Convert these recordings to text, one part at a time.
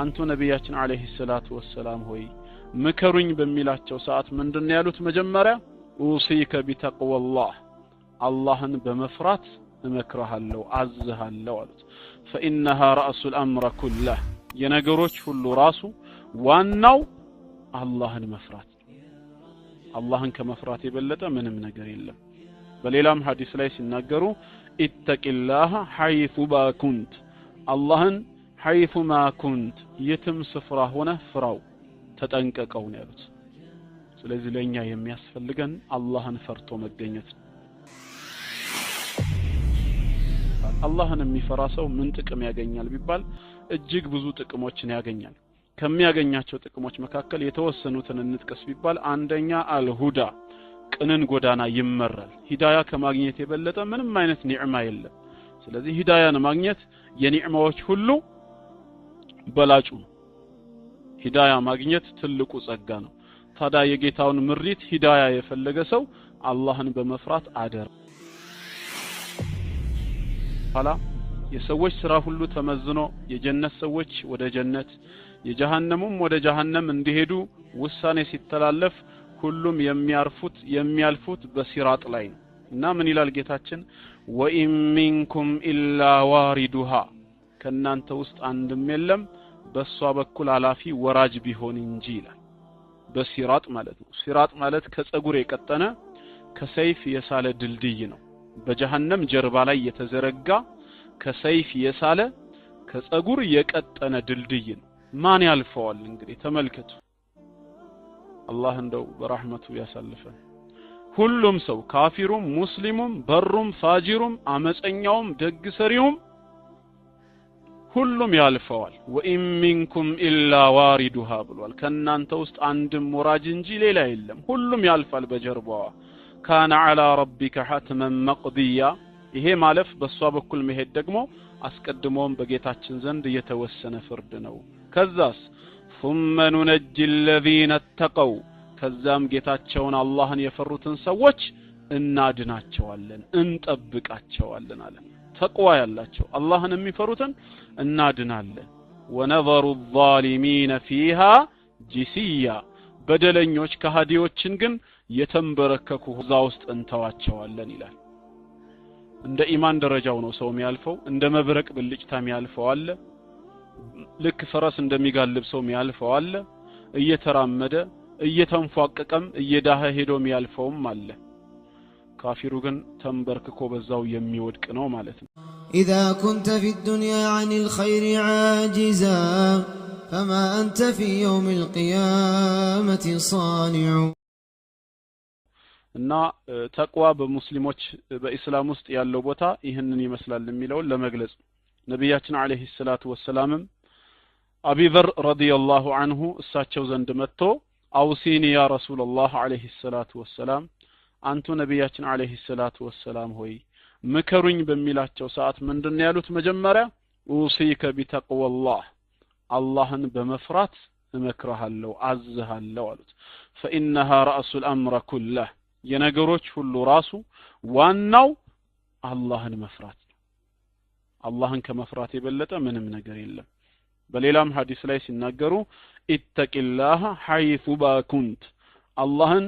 አንቱ ነቢያችን አለህ ሰላቱ ወሰላም ሆይ ምከሩኝ በሚላቸው ሰዓት ምንድን ያሉት መጀመሪያ ኡሲከ ቢተቅወላህ አላህን በመፍራት እመክረሃለሁ አዝሃለሁ አሉት ፈኢነሃ ረእሱ ልአምረ ኩላህ የነገሮች ሁሉ ራሱ ዋናው አላህን መፍራት አላህን ከመፍራት የበለጠ ምንም ነገር የለም በሌላም ሐዲስ ላይ ሲናገሩ ኢተቂላህ ሐይቱ ባ ኩንት አላህን ሐይቱማ ኩንት የትም ስፍራ ሆነ ፍራው ተጠንቀቀው ነው ያሉት። ስለዚህ ለእኛ የሚያስፈልገን አላህን ፈርቶ መገኘት ነው። አላህን የሚፈራ ሰው ምን ጥቅም ያገኛል ቢባል እጅግ ብዙ ጥቅሞችን ያገኛል። ከሚያገኛቸው ጥቅሞች መካከል የተወሰኑትን እንጥቀስ ቢባል አንደኛ አልሁዳ ቅንን ጎዳና ይመራል። ሂዳያ ከማግኘት የበለጠ ምንም አይነት ኒዕማ የለም። ስለዚህ ሂዳያን ማግኘት የኒዕማዎች ሁሉ በላጩ ነው። ሂዳያ ማግኘት ትልቁ ጸጋ ነው። ታዲያ የጌታውን ምሪት ሂዳያ የፈለገ ሰው አላህን በመፍራት አደራ። ኋላ የሰዎች ስራ ሁሉ ተመዝኖ የጀነት ሰዎች ወደ ጀነት የጀሃነሙም ወደ ጀሃነም እንዲሄዱ ውሳኔ ሲተላለፍ ሁሉም የሚያርፉት የሚያልፉት በሲራጥ ላይ ነው እና ምን ይላል ጌታችን ወኢን ሚንኩም ኢላ ዋሪዱሃ ከእናንተ ውስጥ አንድም የለም በእሷ በኩል አላፊ ወራጅ ቢሆን እንጂ ይላል በሲራጥ ማለት ነው ሲራጥ ማለት ከጸጉር የቀጠነ ከሰይፍ የሳለ ድልድይ ነው በጀሃነም ጀርባ ላይ የተዘረጋ ከሰይፍ የሳለ ከጸጉር የቀጠነ ድልድይ ነው ማን ያልፈዋል እንግዲህ ተመልከቱ አላህ እንደው በራህመቱ ያሳልፈን ሁሉም ሰው ካፊሩም ሙስሊሙም በሩም ፋጅሩም አመፀኛውም ደግ ሰሪውም ሁሉም ያልፈዋል ወኢን ሚንኩም ኢላ ዋሪዱሃ ብሏል ከእናንተ ውስጥ አንድም ወራጅ እንጂ ሌላ የለም ሁሉም ያልፋል በጀርባዋ ካነ አላ ረቢከ ሐትመን መቅድያ ይሄ ማለፍ በእሷ በኩል መሄድ ደግሞ አስቀድሞም በጌታችን ዘንድ የተወሰነ ፍርድ ነው ከዛስ ثم ننجي الذين اتقوا ከዛም ጌታቸውን አላህን የፈሩትን ሰዎች እናድናቸዋለን እንጠብቃቸዋለን አለን ተቅዋ ያላቸው አላህን የሚፈሩትን እናድናለን ወነዘሩ ዛሊሚነ ፊሃ ጂሲያ በደለኞች ከሃዲዎችን ግን የተንበረከኩ እዛ ውስጥ እንተዋቸዋለን ይላል እንደ ኢማን ደረጃው ነው ሰው የሚያልፈው እንደ መብረቅ ብልጭታ የሚያልፈው አለ ልክ ፈረስ እንደሚጋልብ ሰው የሚያልፈው አለ እየተራመደ እየተንፏቀቀም እየዳኸ ሄዶ የሚያልፈውም አለ ካፊሩ ግን ተንበርክኮ በዛው የሚወድቅ ነው ማለት ነው። ኢዛ ኩንተ ፊ ዱንያ አን ልኸይር ዓጂዛ ፈማ አንተ ፊ የውም ልቅያመት ሳኒዑ እና ተቅዋ በሙስሊሞች በኢስላም ውስጥ ያለው ቦታ ይህንን ይመስላል የሚለውን ለመግለጽ ነቢያችን ዓለይሂ ሰላቱ ወሰላምም አቢዘር ረዲየላሁ አንሁ እሳቸው ዘንድ መጥቶ አውሲኒ ያ ረሱላላህ ዓለይሂ ሰላቱ ወሰላም አንቱ ነቢያችን አለህ ሰላቱ ወሰላም ሆይ ምከሩኝ በሚላቸው ሰዓት ምንድን ያሉት መጀመሪያ ኡሲከ ቢተቅወላህ አላህን በመፍራት እመክረሃለሁ አዝሃለሁ አሉት ፈኢነሃ ረእሱ ልአምረ ኩለህ የነገሮች ሁሉ ራሱ ዋናው አላህን መፍራት ነው አላህን ከመፍራት የበለጠ ምንም ነገር የለም በሌላም ሀዲስ ላይ ሲናገሩ ኢተቂላህ ሐይቱ ባኩንት ኩንት አላህን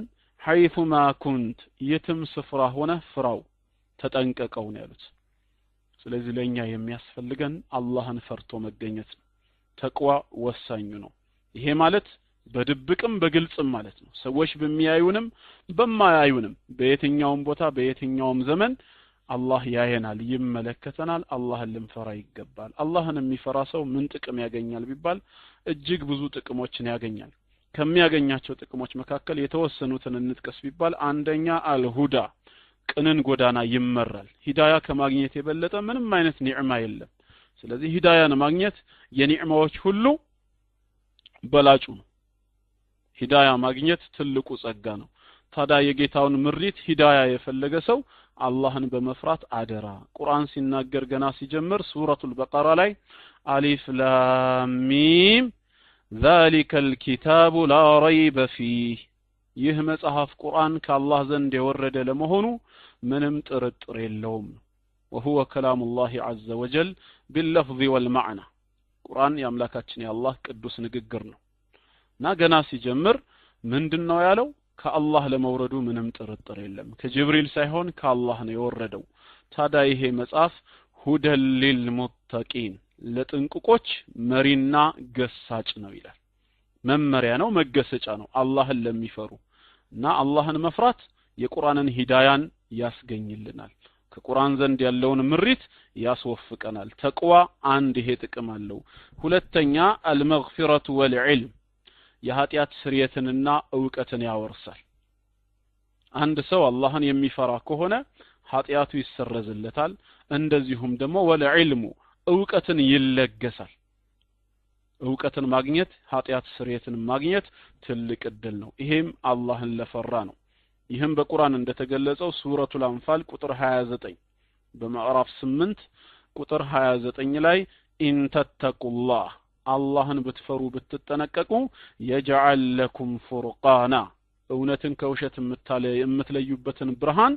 ሐይቱማ ኩንት የትም ስፍራ ሆነ ፍራው ተጠንቀቀው ነው ያሉት ስለዚህ ለእኛ የሚያስፈልገን አላህን ፈርቶ መገኘት ነው ተቅዋ ወሳኙ ነው ይሄ ማለት በድብቅም በግልጽም ማለት ነው ሰዎች በሚያዩንም በማያዩንም በየትኛውም ቦታ በየትኛውም ዘመን አላህ ያየናል ይመለከተናል አላህን ልንፈራ ይገባል አላህን የሚፈራ ሰው ምን ጥቅም ያገኛል ቢባል እጅግ ብዙ ጥቅሞችን ያገኛል ከሚያገኛቸው ጥቅሞች መካከል የተወሰኑትን እንጥቀስ ቢባል አንደኛ አልሁዳ ቅንን ጎዳና ይመራል። ሂዳያ ከማግኘት የበለጠ ምንም አይነት ኒዕማ የለም። ስለዚህ ሂዳያን ማግኘት የኒዕማዎች ሁሉ በላጩ ነው። ሂዳያ ማግኘት ትልቁ ጸጋ ነው። ታዳ የጌታውን ምሪት ሂዳያ የፈለገ ሰው አላህን በመፍራት አደራ። ቁርአን ሲናገር ገና ሲጀምር ሱረቱል በቀራ ላይ አሊፍ ላሚም ذلك الكتاب لا ريب فيه ይህ መጽሐፍ ቁርአን ከአላህ ዘንድ የወረደ ለመሆኑ ምንም ጥርጥር የለውም وهو كلام الله عز وجل باللفظ والمعنى ቁርአን የአምላካችን የአላህ ቅዱስ ንግግር ነው እና ገና ሲጀምር ምንድን ነው ያለው ከአላህ ለመውረዱ ምንም ጥርጥር የለም ከጅብሪል ሳይሆን ከአላህ ነው የወረደው ታዲያ ይሄ መጽሐፍ ሁደን ሊልሙተቂን ለጥንቁቆች መሪና ገሳጭ ነው ይላል። መመሪያ ነው፣ መገሰጫ ነው አላህን ለሚፈሩ እና አላህን መፍራት የቁርአንን ሂዳያን ያስገኝልናል። ከቁርአን ዘንድ ያለውን ምሪት ያስወፍቀናል። ተቅዋ አንድ ይሄ ጥቅም አለው። ሁለተኛ አልመግፊረቱ ወልዕልም የኃጢአት ስርየትንና እውቀትን ያወርሳል። አንድ ሰው አላህን የሚፈራ ከሆነ ኃጢአቱ ይሰረዝለታል። እንደዚሁም ደግሞ ወለዕልሙ እውቀትን ይለገሳል። እውቀትን ማግኘት ኃጢአት ስርየትን ማግኘት ትልቅ እድል ነው። ይሄም አላህን ለፈራ ነው። ይህም በቁርአን እንደተገለጸው ሱረቱል አንፋል ቁጥር 29 በምዕራፍ 8 ቁጥር 29 ላይ ኢንተተቁላህ አላህን ብትፈሩ ብትጠነቀቁ የጀዓል ለኩም ፉርቃና እውነትን ከውሸት የምትለዩበትን ብርሃን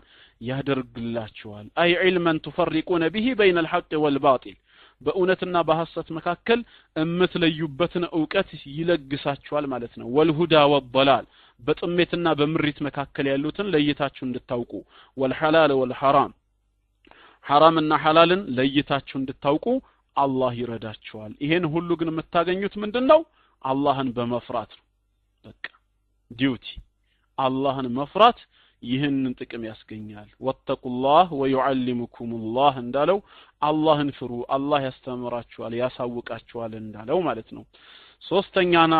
ያደርግላችኋል። አይ ዒልመን ቱፈሪቁነ ቢሂ በይነ አልሐቅ ወልባጢል በእውነትና በሐሰት መካከል እምትለዩበትን እውቀት ይለግሳችኋል ማለት ነው። ወልሁዳ ወበላል በጥሜትና በምሪት መካከል ያሉትን ለይታችሁ እንድታውቁ ወልሐላል ወልሐራም ሐራምና ሐላልን ለይታችሁ እንድታውቁ አላህ ይረዳችኋል። ይሄን ሁሉ ግን የምታገኙት ምንድን ነው? አላህን በመፍራት ነው። በቃ ዲዩቲ አላህን መፍራት ይህንን ጥቅም ያስገኛል። ወተቁላህ ወዩዓሊሙኩሙላህ እንዳለው አላህን ፍሩ አላህ ያስተምራችኋል ያሳውቃችኋል እንዳለው ማለት ነው ሶስተኛና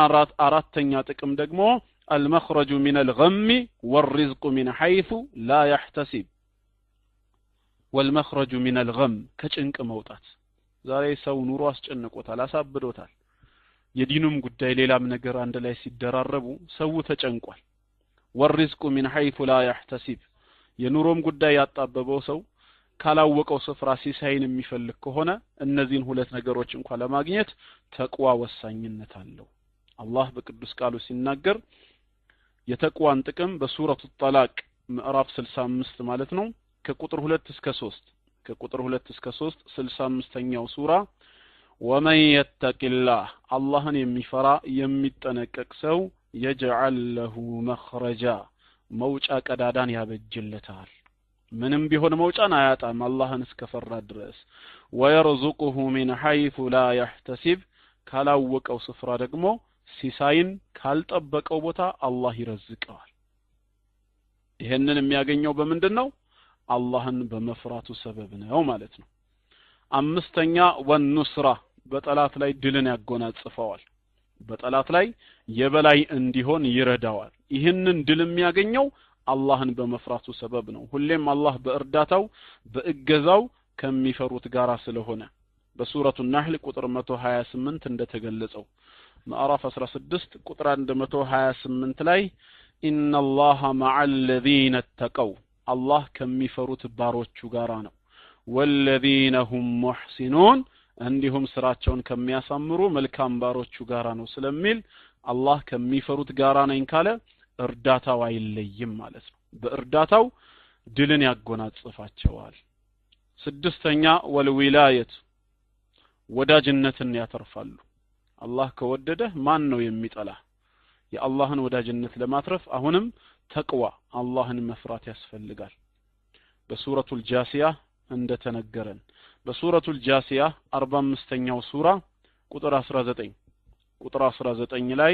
አራተኛ ጥቅም ደግሞ المخرج من الغم والرزق من حيث لا يحتسب والمخرج من الغم ከጭንቅ መውጣት ዛሬ ሰው ኑሮ አስጨንቆታል አሳብዶታል የዲኑም ጉዳይ ሌላም ነገር አንድ ላይ ሲደራረቡ ሰው ተጨንቋል ወሪዝቁ ሚን ሐይቱ ላ ያሕተሲብ የኑሮም ጉዳይ ያጣበበው ሰው ካላወቀው ስፍራ ሲሳይን የሚፈልግ ከሆነ እነዚህን ሁለት ነገሮች እንኳ ለማግኘት ተቅዋ ወሳኝነት አለው አላህ በቅዱስ ቃሉ ሲናገር የተቅዋን ጥቅም በሱረቱ ጠላቅ ምዕራፍ 65 ማለት ነው ከቁጥር 2 እስከ 3 ከቁጥር 2 እስከ 3 65ኛው ሱራ ወመን የተቂላህ አላህን የሚፈራ የሚጠነቀቅ ሰው የጀዓል ለሁ መኽረጃ መውጫ ቀዳዳን ያበጅለታል ምንም ቢሆን መውጫን አያጣም አላህን እስከፈራ ድረስ ወየርዙቁሁ ሚን ሐይቱ ላ ያሕተሲብ ካላወቀው ስፍራ ደግሞ ሲሳይን ካልጠበቀው ቦታ አላህ ይረዝቀዋል ይህንን የሚያገኘው በምንድን ነው አላህን በመፍራቱ ሰበብ ነው ማለት ነው አምስተኛ ወኑስራ በጠላት ላይ ድልን ያጎናጽፈዋል በጠላት ላይ የበላይ እንዲሆን ይረዳዋል ይህንን ድል የሚያገኘው አላህን በመፍራቱ ሰበብ ነው። ሁሌም አላህ በእርዳታው በእገዛው ከሚፈሩት ጋራ ስለሆነ በሱረቱ ናህል ቁጥር 128 እንደተገለጸው ምዕራፍ 16 ቁጥር 128 ላይ ኢነላሃ መዐ ለዚነ ተቀው አላህ ከሚፈሩት ባሮቹ ጋራ ነው። ወለዚነ ሁም ሙሕሲኑን እንዲሁም ስራቸውን ከሚያሳምሩ መልካም ባሮቹ ጋራ ነው ስለሚል አላህ ከሚፈሩት ጋራ ነኝ ካለ እርዳታው አይለይም ማለት ነው በእርዳታው ድልን ያጎናጽፋቸዋል ስድስተኛ ወልዊላየት ወዳጅነትን ያተርፋሉ አላህ ከወደደህ ማን ነው የሚጠላ የአላህን ወዳጅነት ለማትረፍ አሁንም ተቅዋ አላህን መፍራት ያስፈልጋል በሱረቱ ልጃሲያ እንደ ተነገረን በሱረቱ ልጃሲያ አርባ አምስተኛው ሱራ ቁጥር አስራ ቁጥር 19 ላይ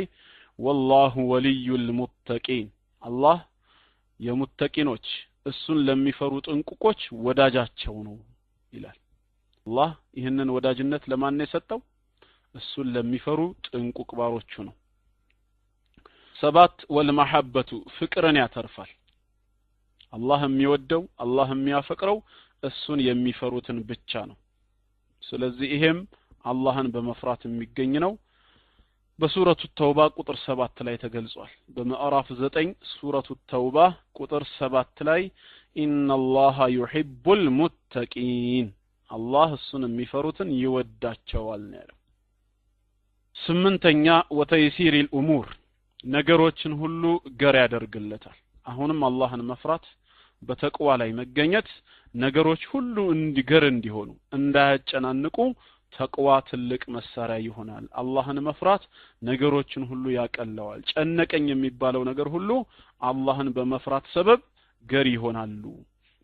ወላሁ ወልዩል ሙተቂን አላህ የሙተቂኖች እሱን ለሚፈሩ ጥንቁቆች ወዳጃቸው ነው ይላል አላህ ይህንን ወዳጅነት ለማን የሰጠው እሱን ለሚፈሩ ጥንቁቅ ባሮቹ ነው ሰባት ወልመሐበቱ ፍቅርን ያተርፋል አላህ የሚወደው አላህ የሚያፈቅረው እሱን የሚፈሩትን ብቻ ነው ስለዚህ ይሄም አላህን በመፍራት የሚገኝ ነው በሱረቱ ተውባ ቁጥር ሰባት ላይ ተገልጿል። በምዕራፍ ዘጠኝ ሱረቱ ተውባ ቁጥር ሰባት ላይ ኢነላሃ ዩሒቡል ሙተቂን አላህ እሱን የሚፈሩትን ይወዳቸዋል ነው ያለው። ስምንተኛ ወተይሲር ልኡሙር ነገሮችን ሁሉ ገር ያደርግለታል። አሁንም አላህን መፍራት በተቅዋ ላይ መገኘት ነገሮች ሁሉ እንዲገር እንዲሆኑ እንዳያጨናንቁ ተቅዋ ትልቅ መሳሪያ ይሆናል። አላህን መፍራት ነገሮችን ሁሉ ያቀለዋል። ጨነቀኝ የሚባለው ነገር ሁሉ አላህን በመፍራት ሰበብ ገር ይሆናሉ።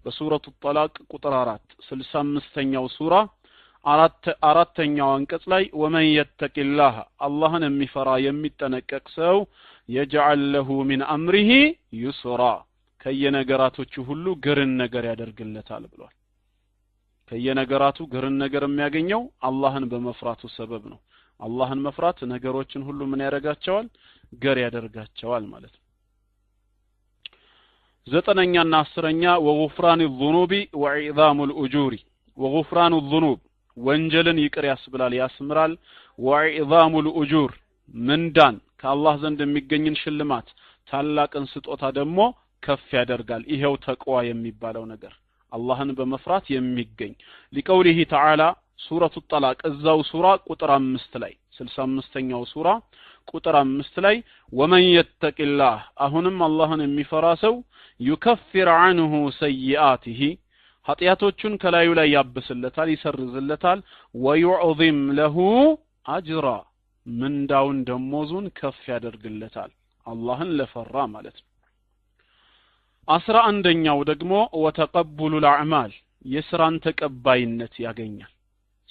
በሱረቱ ጠላቅ ቁጥር አራት ስልሳ አምስተኛው ሱራ አራተኛው አንቀጽ ላይ ወመን የተቂላህ አላህን የሚፈራ የሚጠነቀቅ ሰው የጅዓል ለሁ ሚን አምሪሂ ዩስራ ከየነገራቶቹ ሁሉ ግርን ነገር ያደርግለታል ብሏል። ከየነገራቱ ግርን ነገር የሚያገኘው አላህን በመፍራቱ ሰበብ ነው። አላህን መፍራት ነገሮችን ሁሉ ምን ያደርጋቸዋል? ገር ያደርጋቸዋል ማለት ነው። ዘጠነኛና አስረኛ ወጉፍራን ዙኑቢ ወዒዛሙ ልኡጁሪ ወጉፍራን ዙኑብ ወንጀልን ይቅር ያስብላል ያስምራል። ወዒዛሙ ልኡጁር ምንዳን ከአላህ ዘንድ የሚገኝን ሽልማት ታላቅን ስጦታ ደግሞ ከፍ ያደርጋል። ይሄው ተቅዋ የሚባለው ነገር አላህን በመፍራት የሚገኝ ሊቀውሊህ ተዓላ ሱረቱ ጠላቅ እዛው ሱራ ቁጥር አምስት ላይ ስልሳ አምስተኛው ሱራ ቁጥር አምስት ላይ ወመን የተቂላህ አሁንም አላህን የሚፈራ ሰው ዩከፊር አንሁ ሰይአቲህ ኃጢአቶቹን ከላዩ ላይ ያብስለታል ይሰርዝለታል ወዩዕዚም ለሁ አጅራ ምንዳውን ደሞዙን ከፍ ያደርግለታል አላህን ለፈራ ማለት ነው አስራ አንደኛው ደግሞ ወተቀቡሉ ልአዕማል የስራን ተቀባይነት ያገኛል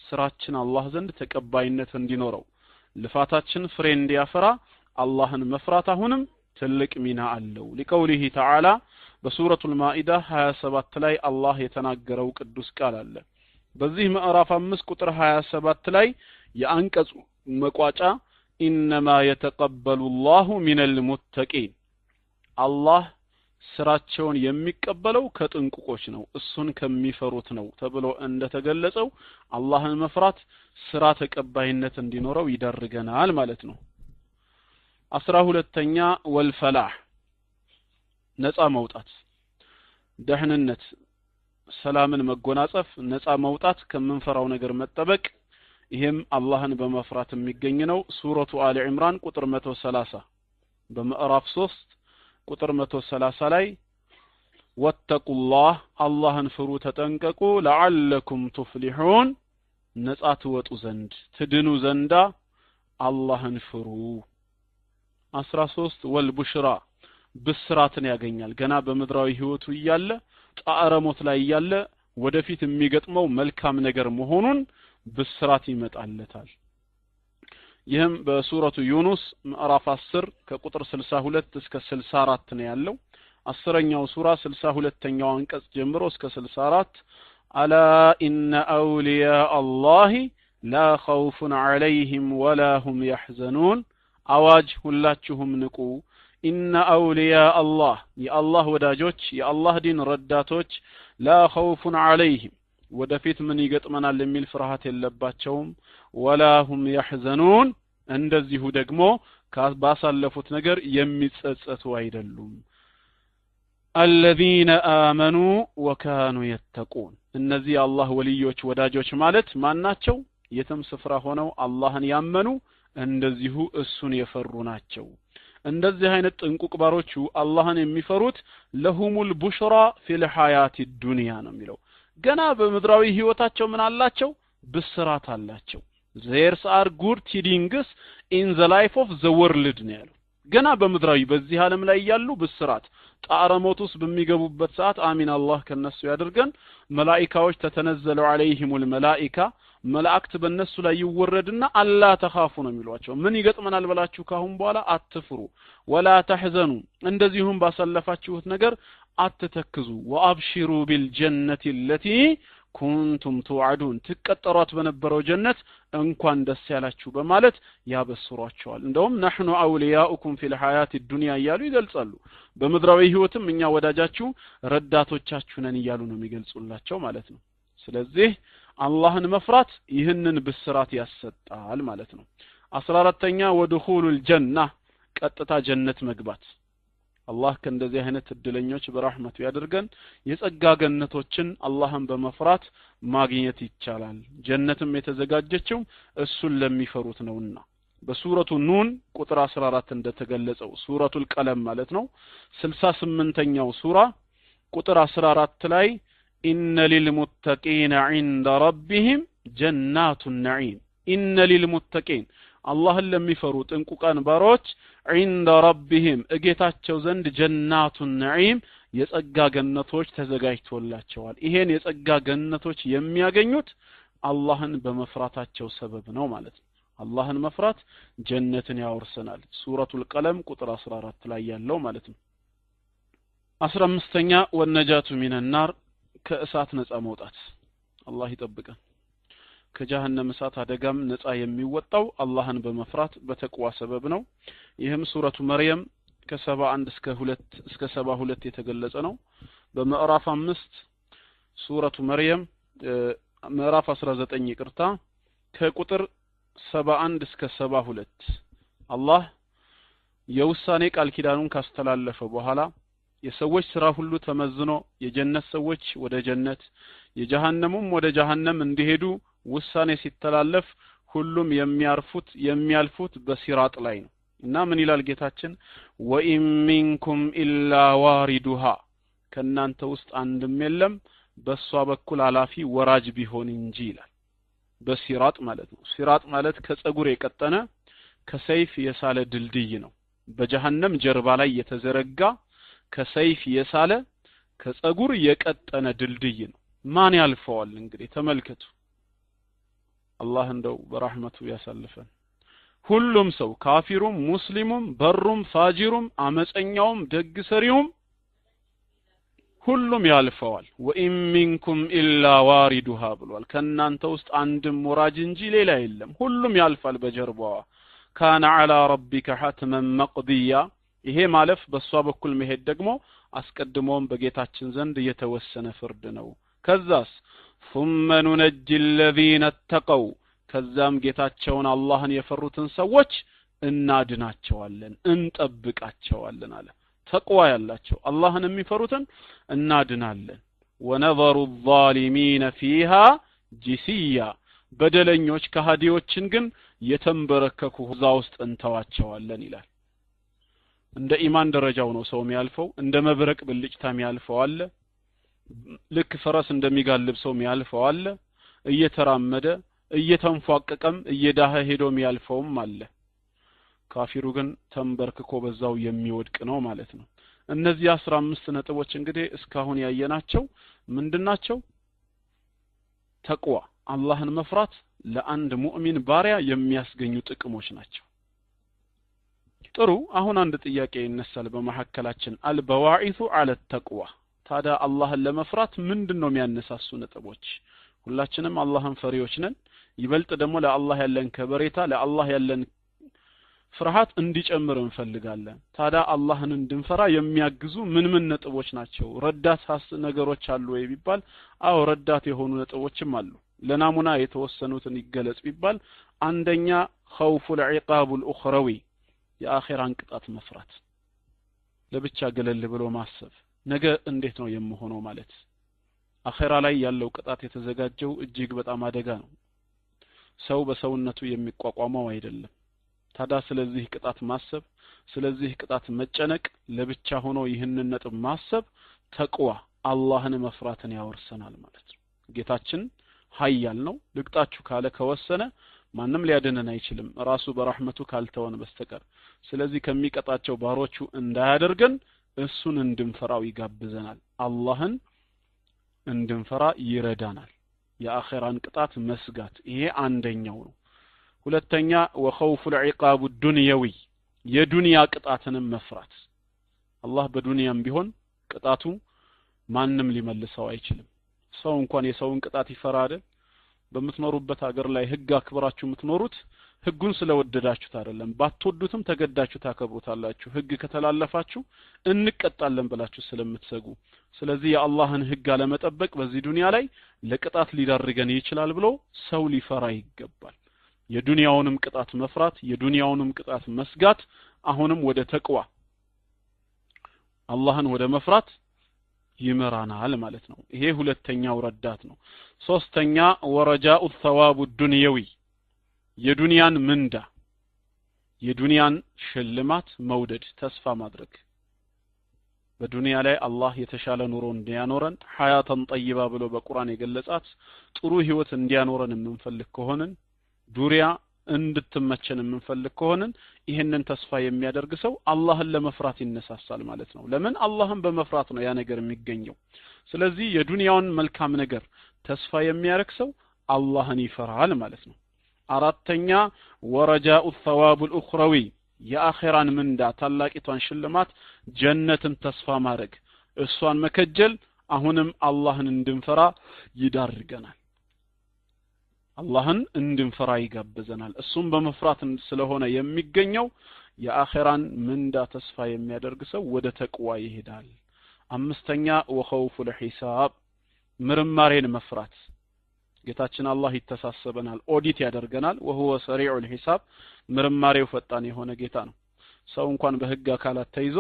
ስራችን አላህ ዘንድ ተቀባይነት እንዲኖረው ልፋታችን ፍሬ እንዲያፈራ አላህን መፍራት አሁንም ትልቅ ሚና አለው ሊቀውሊህ ተዓላ በሱረቱ ልማኢዳ 27 ላይ አላህ የተናገረው ቅዱስ ቃል አለ በዚህ ምዕራፍ 5 ቁጥር 27 ላይ የአንቀጹ መቋጫ ኢነማ የተቀበሉ ላሁ ሚነል ሙተቂን አላህ ስራቸውን የሚቀበለው ከጥንቁቆች ነው፣ እሱን ከሚፈሩት ነው ተብሎ እንደተገለጸው አላህን መፍራት ስራ ተቀባይነት እንዲኖረው ይደርገናል ማለት ነው። አስራ ሁለተኛ ወልፈላህ ነፃ መውጣት፣ ደህንነት፣ ሰላምን መጎናጸፍ፣ ነፃ መውጣት፣ ከምንፈራው ነገር መጠበቅ ይህም አላህን በመፍራት የሚገኝ ነው። ሱረቱ አሊ ዕምራን ቁጥር 130 በምዕራፍ 3 ቁጥር 130 ላይ ወተቁላህ አላህን ፍሩ ተጠንቀቁ ለዓለኩም ቱፍሊሑን ነጻ ትወጡ ዘንድ ትድኑ ዘንዳ አላህን ፍሩ 13 ወልቡሽራ ብስራትን ያገኛል ገና በምድራዊ ህይወቱ እያለ ጣዕረ ሞት ላይ እያለ ወደፊት የሚገጥመው መልካም ነገር መሆኑን ብስራት ይመጣለታል ይህም በሱረቱ ዩኑስ ምዕራፍ 10 ከቁጥር 62 እስከ 64 ነው ያለው። አስረኛው ሱራ 62ኛው አንቀጽ ጀምሮ እስከ 64 አላ ኢነ አውሊያ አላሂ ላ ኸውፉን ዐለይሂም ወላ ሁም ያሕዘኑን። አዋጅ ሁላችሁም ንቁ። ኢነ አውሊያ አላህ የአላህ ወዳጆች፣ የአላህ ዲን ረዳቶች ላ ኸውፉን ዐለይሂም ወደፊት ምን ይገጥመናል የሚል ፍርሃት የለባቸውም። ወላሁም ያሕዘኑን እንደዚሁ ደግሞ ባሳለፉት ነገር የሚጸጸቱ አይደሉም አለዚነ አመኑ ወካኑ የተቁን እነዚህ የአላህ ወልዮች ወዳጆች ማለት ማናቸው የትም ስፍራ ሆነው አላህን ያመኑ እንደዚሁ እሱን የፈሩ ናቸው እንደዚህ አይነት ጥንቁቅ ባሮቹ አላህን የሚፈሩት ለሁሙል ቡሽራ ፊል ዱንያ ነው የሚለው ገና በምድራዊ ህይወታቸው ምን አላቸው ብስራት አላቸው ዜርስ አር ጉድ ቲዲንግስ ኢን ዘ ላይፍ ኦፍ ዘ ወርልድ ነው ያለው። ገና በምድራዊ በዚህ ዓለም ላይ ያሉ ብስራት ጣረ ሞት ውስጥ በሚገቡበት ሰዓት አሚን አላህ ከነሱ ያድርገን። መላኢካዎች ተተነዘለው አለይሂሙል መላኢካ መላእክት በእነሱ ላይ ይወረድና አላ ተኻፉ ነው የሚሏቸው። ምን ይገጥመናል ብላችሁ ካሁን በኋላ አትፍሩ፣ ወላ ተሕዘኑ፣ እንደዚሁም ባሳለፋችሁት ነገር አትተክዙ። ወአብሽሩ ቢልጀነት ። ለቲ ኩንቱም ቱዓዱን ትቀጠሯት በነበረው ጀነት እንኳን ደስ ያላችሁ በማለት ያበስሯቸዋል እንደውም ናሕኑ አውልያኡኩም ፊ ልሐያት ዱንያ እያሉ ይገልጻሉ በምድራዊ ህይወትም እኛ ወዳጃችሁ ረዳቶቻችሁ ነን እያሉ ነው የሚገልጹላቸው ማለት ነው ስለዚህ አላህን መፍራት ይህንን ብስራት ያሰጣል ማለት ነው አስራ አራተኛ ወድኹሉ ልጀና ቀጥታ ጀነት መግባት አላህ ከእንደዚህ አይነት እድለኞች በራህመቱ ያደርገን። የጸጋ ገነቶችን አላህን በመፍራት ማግኘት ይቻላል። ጀነትም የተዘጋጀችው እሱን ለሚፈሩት ነውና በሱረቱ ኑን ቁጥር 14 እንደተገለጸው ሱረቱል ቀለም ማለት ነው። 68ኛው ሱራ ቁጥር 14 ላይ ኢነ ሊልሙተቂነ ዒንደ ረቢህም ጀናቱ ነዒም። ኢነ ሊልሙተቂን አላህን ለሚፈሩ ጥንቁቃን ባሮች ዒንደ ረቢህም እጌታቸው ዘንድ ጀናቱን ነዒም የጸጋ ገነቶች ተዘጋጅቶላቸዋል ይሄን የጸጋ ገነቶች የሚያገኙት አላህን በመፍራታቸው ሰበብ ነው ማለት ነው አላህን መፍራት ጀነትን ያወርሰናል ሱረቱል ቀለም ቁጥር 14 ላይ ያለው ማለት ነው 15 አምስተኛ ወነጃቱ ሚነናር ከእሳት ነፃ መውጣት አላህ ይጠብቀን ከጀሀነም እሳት አደጋም ነፃ የሚወጣው አላህን በመፍራት በተቅዋ ሰበብ ነው። ይህም ሱረቱ መርየም ከሰባ አንድ እስከ ሁለት እስከ ሰባ ሁለት የተገለጸ ነው። በምዕራፍ አምስት ሱረቱ መርየም ምዕራፍ 19 ይቅርታ ከቁጥር 71 እስከ 72 አላህ የውሳኔ ቃል ኪዳኑን ካስተላለፈ በኋላ የሰዎች ስራ ሁሉ ተመዝኖ የጀነት ሰዎች ወደ ጀነት የጀሀነሙም ወደ ጀሀነም እንዲሄዱ ውሳኔ ሲተላለፍ ሁሉም የሚያርፉት የሚያልፉት በሲራጥ ላይ ነው እና ምን ይላል ጌታችን ወኢን ሚንኩም ኢላ ዋሪዱሃ ከእናንተ ውስጥ አንድም የለም በእሷ በኩል አላፊ ወራጅ ቢሆን እንጂ ይላል በሲራጥ ማለት ነው ሲራጥ ማለት ከጸጉር የቀጠነ ከሰይፍ የሳለ ድልድይ ነው በጀሃነም ጀርባ ላይ የተዘረጋ ከሰይፍ የሳለ ከጸጉር የቀጠነ ድልድይ ነው ማን ያልፈዋል እንግዲህ ተመልከቱ አላህ እንደው በራህመቱ ያሳልፈን ሁሉም ሰው ካፊሩም ሙስሊሙም በሩም ፋጅሩም አመፀኛውም ደግ ሰሪውም ሁሉም ያልፈዋል ወኢን ሚንኩም ኢላ ዋሪዱሃ ብሏል ከእናንተ ውስጥ አንድም ወራጅ እንጂ ሌላ የለም ሁሉም ያልፋል በጀርባዋ ካነ አላ ረቢከ ሐትመን መቅድያ ይሄ ማለፍ በእሷ በኩል መሄድ ደግሞ አስቀድሞም በጌታችን ዘንድ የተወሰነ ፍርድ ነው ከዛስ ثم ننجي الذين اتقوا ከዛም ጌታቸውን አላህን የፈሩትን ሰዎች እናድናቸዋለን እንጠብቃቸዋለን አለ ተቅዋ ያላቸው አላህን የሚፈሩትን እናድናለን ወነዘሩ ዛሊሚነ ፊሃ ጂሲያ በደለኞች ከሃዲዎችን ግን የተንበረከኩ እዛ ውስጥ እንተዋቸዋለን ይላል እንደ ኢማን ደረጃው ነው ሰው የሚያልፈው እንደ መብረቅ ብልጭታ የሚያልፈው አለ ልክ ፈረስ እንደሚጋልብ ሰው የሚያልፈው አለ እየተራመደ እየተንፏቀቀም እየዳኸ ሄዶ የሚያልፈውም አለ ካፊሩ ግን ተንበርክኮ በዛው የሚወድቅ ነው ማለት ነው እነዚህ አስራ አምስት ነጥቦች እንግዲህ እስካሁን ያየናቸው ምንድን ናቸው ተቅዋ አላህን መፍራት ለአንድ ሙእሚን ባሪያ የሚያስገኙ ጥቅሞች ናቸው ጥሩ አሁን አንድ ጥያቄ ይነሳል በመሐከላችን አልበዋዒቱ አለ ተቅዋ ታዲያ አላህን ለመፍራት ምንድን ነው የሚያነሳሱ ነጥቦች? ሁላችንም አላህን ፈሪዎች ነን። ይበልጥ ደግሞ ለአላህ ያለን ከበሬታ፣ ለአላህ ያለን ፍርሃት እንዲጨምር እንፈልጋለን። ታዲያ አላህን እንድንፈራ የሚያግዙ ምን ምን ነጥቦች ናቸው? ረዳት ነገሮች አሉ ወይ ቢባል፣ አዎ ረዳት የሆኑ ነጥቦችም አሉ። ለናሙና የተወሰኑትን ይገለጽ ቢባል፣ አንደኛ ኸውፉ ልዕቃቡል ኡኽረዊ የአኼራን ቅጣት መፍራት፣ ለብቻ ገለል ብሎ ማሰብ ነገ እንዴት ነው የምሆነው ማለት አኼራ ላይ ያለው ቅጣት የተዘጋጀው እጅግ በጣም አደጋ ነው ሰው በሰውነቱ የሚቋቋመው አይደለም ታዳ ስለዚህ ቅጣት ማሰብ ስለዚህ ቅጣት መጨነቅ ለብቻ ሆኖ ይህንን ነጥብ ማሰብ ተቅዋ አላህን መፍራትን ያወርሰናል ማለት ነው ጌታችን ሀያል ነው ልቅጣችሁ ካለ ከወሰነ ማንም ሊያድነን አይችልም ራሱ በራህመቱ ካልተወን በስተቀር ስለዚህ ከሚቀጣቸው ባሮቹ እንዳያደርገን እሱን እንድንፈራው ይጋብዘናል አላህን እንድንፈራ ይረዳናል የአኼራን ቅጣት መስጋት ይሄ አንደኛው ነው ሁለተኛ ወኸውፉ ልዒቃቡ ዱንያዊ የዱንያ ቅጣትንም መፍራት አላህ በዱንያም ቢሆን ቅጣቱ ማንም ሊመልሰው አይችልም ሰው እንኳን የሰውን ቅጣት ይፈራ አይደል በምትኖሩበት ሀገር ላይ ህግ አክብራችሁ የምትኖሩት ህጉን ስለወደዳችሁት አይደለም ባትወዱትም ተገዳችሁ ታከብሩታላችሁ ህግ ከተላለፋችሁ እንቀጣለን ብላችሁ ስለምትሰጉ ስለዚህ የአላህን ህግ አለመጠበቅ በዚህ ዱንያ ላይ ለቅጣት ሊዳርገን ይችላል ብሎ ሰው ሊፈራ ይገባል የዱንያውንም ቅጣት መፍራት የዱንያውንም ቅጣት መስጋት አሁንም ወደ ተቅዋ አላህን ወደ መፍራት ይመራናል ማለት ነው ይሄ ሁለተኛው ረዳት ነው ሶስተኛ ወረጃኡ ተዋቡ ዱንያዊ የዱንያን ምንዳ የዱንያን ሽልማት መውደድ ተስፋ ማድረግ በዱንያ ላይ አላህ የተሻለ ኑሮ እንዲያኖረን ሀያተን ጠይባ ብሎ በቁርአን የገለጻት ጥሩ ህይወት እንዲያኖረን የምንፈልግ ከሆንን ዱሪያ እንድትመቸን የምንፈልግ ከሆንን ይህንን ተስፋ የሚያደርግ ሰው አላህን ለመፍራት ይነሳሳል ማለት ነው። ለምን አላህን በመፍራት ነው ያ ነገር የሚገኘው። ስለዚህ የዱንያውን መልካም ነገር ተስፋ የሚያደርግ ሰው አላህን ይፈራል ማለት ነው። አራተኛ ወረጃኡ ሰዋቡ ልኡኽረዊ የአኼራን ምንዳ ታላቂቷን ሽልማት ጀነትን ተስፋ ማድረግ እሷን መከጀል አሁንም አላህን እንድንፈራ ይዳርገናል አላህን እንድንፈራ ይጋብዘናል እሱም በመፍራት ስለሆነ የሚገኘው የአኼራን ምንዳ ተስፋ የሚያደርግ ሰው ወደ ተቅዋ ይሄዳል አምስተኛ ወኸውፉ ልሒሳብ ምርማሬን መፍራት ጌታችን አላህ ይተሳሰበናል ኦዲት ያደርገናል ወሁወ ሰሪዑ ልሂሳብ ምርማሬው ፈጣን የሆነ ጌታ ነው ሰው እንኳን በህግ አካላት ተይዞ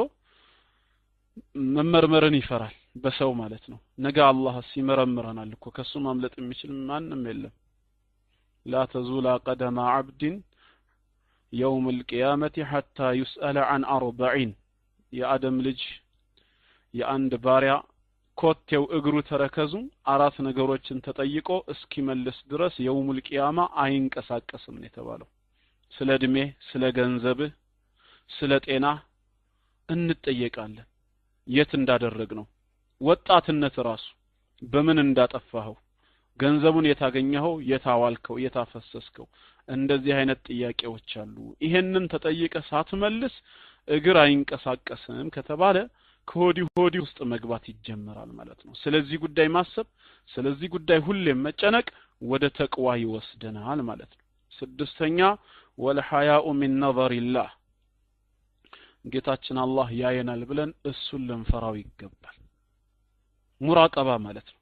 መመርመርን ይፈራል በሰው ማለት ነው ነገ አላህ ሲመረምረናል እኮ ከሱ ማምለጥ የሚችል ማንም የለም ላ ተዙላ ቀደማ አብድን የውም ልቅያመት ሐታ ዩስአለ አን አርባዒን የአደም ልጅ የአንድ ባሪያ ኮቴው፣ እግሩ፣ ተረከዙ አራት ነገሮችን ተጠይቆ እስኪመልስ ድረስ የውሙል ቂያማ አይንቀሳቀስም ነው የተባለው። ስለ እድሜ፣ ስለ ገንዘብህ፣ ስለ ጤና እንጠየቃለን። የት እንዳደረግ ነው ወጣትነት ራሱ በምን እንዳጠፋኸው፣ ገንዘቡን የታገኘኸው፣ የታዋልከው፣ የታፈሰስከው እንደዚህ አይነት ጥያቄዎች አሉ። ይሄንን ተጠይቀ ሳትመልስ እግር አይንቀሳቀስም ከተባለ ከወዲሁ ሆዲ ውስጥ መግባት ይጀምራል ማለት ነው። ስለዚህ ጉዳይ ማሰብ፣ ስለዚህ ጉዳይ ሁሌም መጨነቅ ወደ ተቅዋ ይወስደናል ማለት ነው። ስድስተኛ ወልሐያኡ ሚን ነظሪላህ ጌታችን አላህ ያየናል ብለን እሱን ልንፈራው ይገባል። ሙራቀባ ማለት ነው።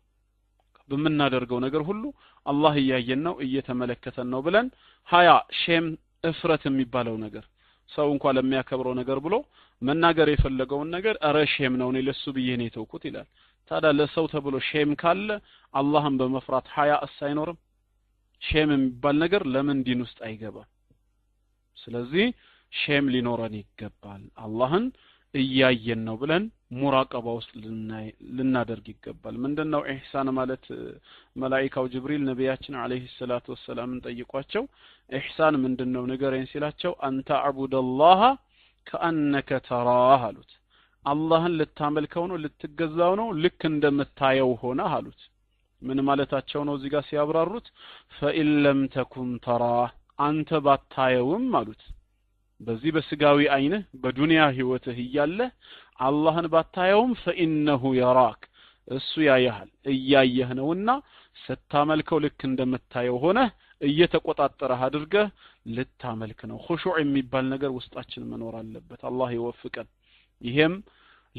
በምናደርገው ነገር ሁሉ አላህ እያየን ነው እየተመለከተን ነው ብለን ሀያ ሼም እፍረት የሚባለው ነገር ሰው እንኳ ለሚያከብረው ነገር ብሎ መናገር የፈለገውን ነገር እረ ሼም ነው እኔ ለሱ ብዬ ነው የተውኩት ይላል። ታዲያ ለሰው ተብሎ ሼም ካለ አላህን በመፍራት ሀያ እስ አይኖርም? ሼም የሚባል ነገር ለምን ዲን ውስጥ አይገባም? ስለዚህ ሼም ሊኖረን ይገባል። አላህን እያየን ነው ብለን ሙራቀባ ውስጥ ልናደርግ ይገባል። ምንድነው ኢህሳን ማለት? መላኢካው ጅብሪል ነቢያችን አለይሂ ሰላቱ ወሰለም ጠይቋቸው ኢህሳን ምንድነው ንገረኝ ሲላቸው አንተ አቡደላሃ ከአነከ ተራህ አሉት አላህን ልታመልከው ነው ልትገዛው ነው ልክ እንደምታየው ሆነህ አሉት ምን ማለታቸው ነው እዚህ ጋር ሲያብራሩት ፈኢን ለም ተኩን ተራህ አንተ ባታየውም አሉት በዚህ በስጋዊ አይንህ በዱንያ ህይወትህ እያለ አላህን ባታየውም ፈኢነሁ የራክ እሱ ያየሃል እያየህ ነውና ስታመልከው ልክ እንደምታየው ሆነ እየተቆጣጠረህ አድርገህ ልታመልክ ነው ሁሹዕ የሚባል ነገር ውስጣችን መኖር አለበት አላህ ይወፍቀን ይሄም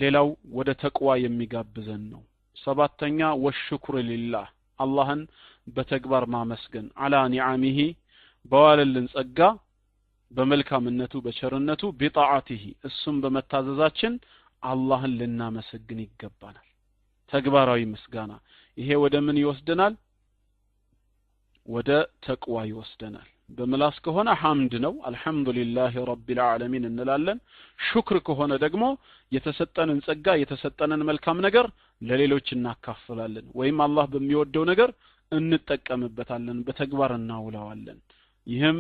ሌላው ወደ ተቅዋ የሚጋብዘን ነው ሰባተኛ ወሽኩር ሊላህ አላህን በተግባር ማመስገን አላ ኒዓሚሂ በዋለልን ጸጋ በመልካምነቱ በቸርነቱ ቢጣዓቲሂ እሱም በመታዘዛችን አላህን ልናመሰግን ይገባናል ተግባራዊ ምስጋና ይሄ ወደ ምን ይወስደናል ወደ ተቅዋ ይወስደናል በምላስ ከሆነ ሐምድ ነው አልሐምዱሊላህ ረቢል ዓለሚን እንላለን ሹክር ከሆነ ደግሞ የተሰጠንን ጸጋ የተሰጠንን መልካም ነገር ለሌሎች እናካፍላለን ወይም አላህ በሚወደው ነገር እንጠቀምበታለን በተግባር እናውለዋለን ይህም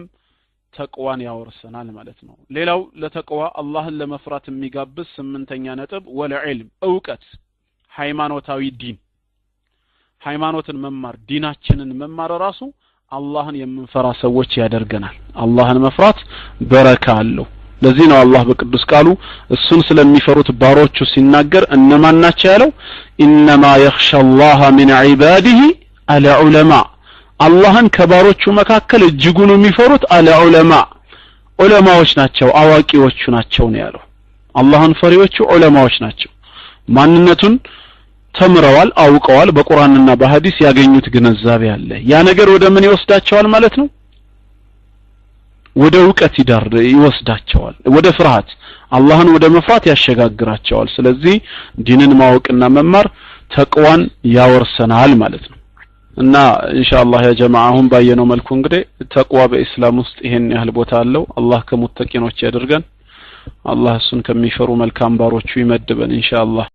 ተቅዋን ያወርሰናል ማለት ነው ሌላው ለተቅዋ አላህን ለመፍራት የሚጋብዝ ስምንተኛ ነጥብ ወለዕልም እውቀት ሃይማኖታዊ ዲን ሃይማኖትን መማር ዲናችንን መማር ራሱ አላህን የምንፈራ ሰዎች ያደርገናል አላህን መፍራት በረካ አለው ለዚህ ነው አላህ በቅዱስ ቃሉ እሱን ስለሚፈሩት ባሮቹ ሲናገር እነማን ናቸው ያለው ኢነማ የኽሻ አላህ ሚን ዒባዲህ አልዑለማ አላህን ከባሮቹ መካከል እጅጉን የሚፈሩት አልዑለማ ዑለማዎች ናቸው አዋቂዎቹ ናቸው ነው ያለው አላህን ፈሪዎቹ ዑለማዎች ናቸው ማንነቱን ተምረዋል፣ አውቀዋል። በቁርአንና በሐዲስ ያገኙት ግንዛቤ አለ። ያ ነገር ወደ ምን ይወስዳቸዋል ማለት ነው? ወደ እውቀት ይዳር ይወስዳቸዋል። ወደ ፍርሃት፣ አላህን ወደ መፍራት ያሸጋግራቸዋል። ስለዚህ ዲንን ማወቅና መማር ተቅዋን ያወርሰናል ማለት ነው። እና ኢንሻአላህ ያ ጀማዓ አሁን ባየነው መልኩ እንግዲህ ተቅዋ በኢስላም ውስጥ ይሄን ያህል ቦታ አለው። አላህ ከሙተቂኖች ያደርገን። አላህ እሱን ከሚፈሩ መልካም ባሮቹ ይመድበን ኢንሻአላህ።